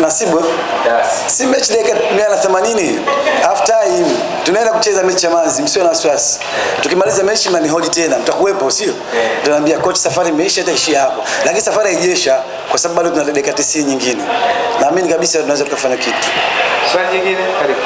Nasibu si mechi dakika mia na themanini half time tunaenda kucheza mechi ya manzi, msio na wasiwasi. Tukimaliza mechi mnanihoji tena, mtakuwepo sio? Tunaambia coach, safari imeisha, itaishia hapo, lakini safari haijaisha kwa sababu bado tuna dakika 90 nyingine. Naamini kabisa tunaweza tukafanya kitu. Swali jingine, karibu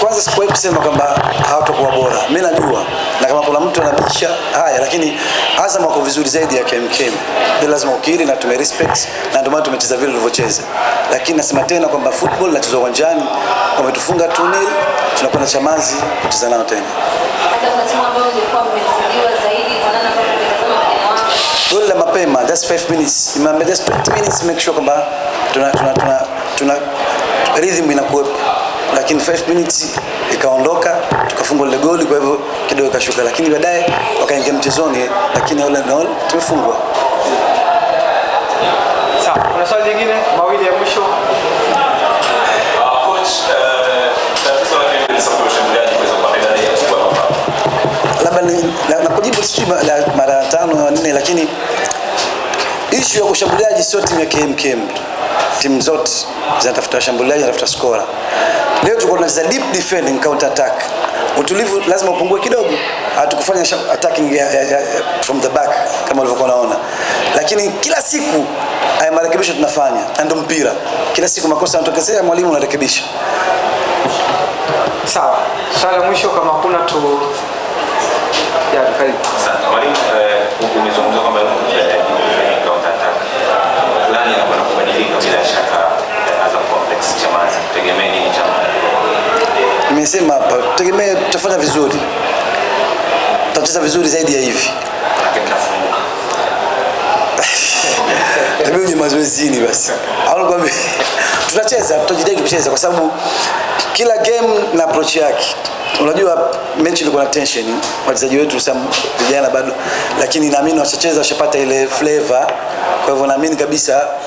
kwanza, sikuwahi kusema kwamba hawatakuwa bora. Mimi najua na kama kuna mtu anabisha haya, lakini Azam wako vizuri zaidi ya KMKM, ndio lazima ukiri, na tume respect, na ndio maana tumecheza vile tulivyocheza. Lakini nasema tena kwamba football inachezwa uwanjani, wametufunga tunil, tunakwenda Chamazi kucheza nao tena goli la mapema, that's 5 minutes, just 5 minutes, make sure kwamba tuna tuna tuna, tuna rhythm inakuwepo lakini 5 minutes ikaondoka, tukafungwa ile goli, kwa hivyo kidogo kashuka, lakini baadaye wakaingia mchezoni, lakini all and all tumefungwa. Sawa, kuna swali lingine mawili ya mwisho uh, uh, nakujibu mara tano au nne, lakini ishu ya ushambuliaji sio timu ya KMKM tu timu zote zinatafuta washambuliaji, zinatafuta skora. Leo tulikuwa tunacheza deep defending counter attack, utulivu lazima upungue kidogo. Hatukufanya attacking ya, ya, ya, from the back kama ulivyokuwa unaona, lakini kila siku haya marekebisho tunafanya, na ndio mpira. Kila siku makosa yanatokezea, mwalimu anarekebisha. Sawa, swali la mwisho kama kuna tu ya karibu nimesema hapa, tegemea tutafanya vizuri, tutacheza vizuri zaidi ya hivi Ndio mazoezini basi. Alikwambia tutacheza, tutajitahidi kucheza kwa sababu kila game na approach yake. Unajua mechi ilikuwa na tension, wachezaji wetu sasa vijana bado, lakini naamini watacheza, washapata ile flavor. Kwa hivyo naamini kabisa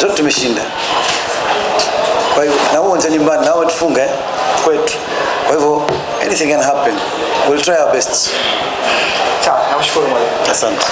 zote tumeshinda. Kwa hivyo na wao nyumbani na nao tufunge eh, kwetu. Kwa hivyo anything can happen. We'll try our best. Sawa, nakushukuru mwalimu. Asante.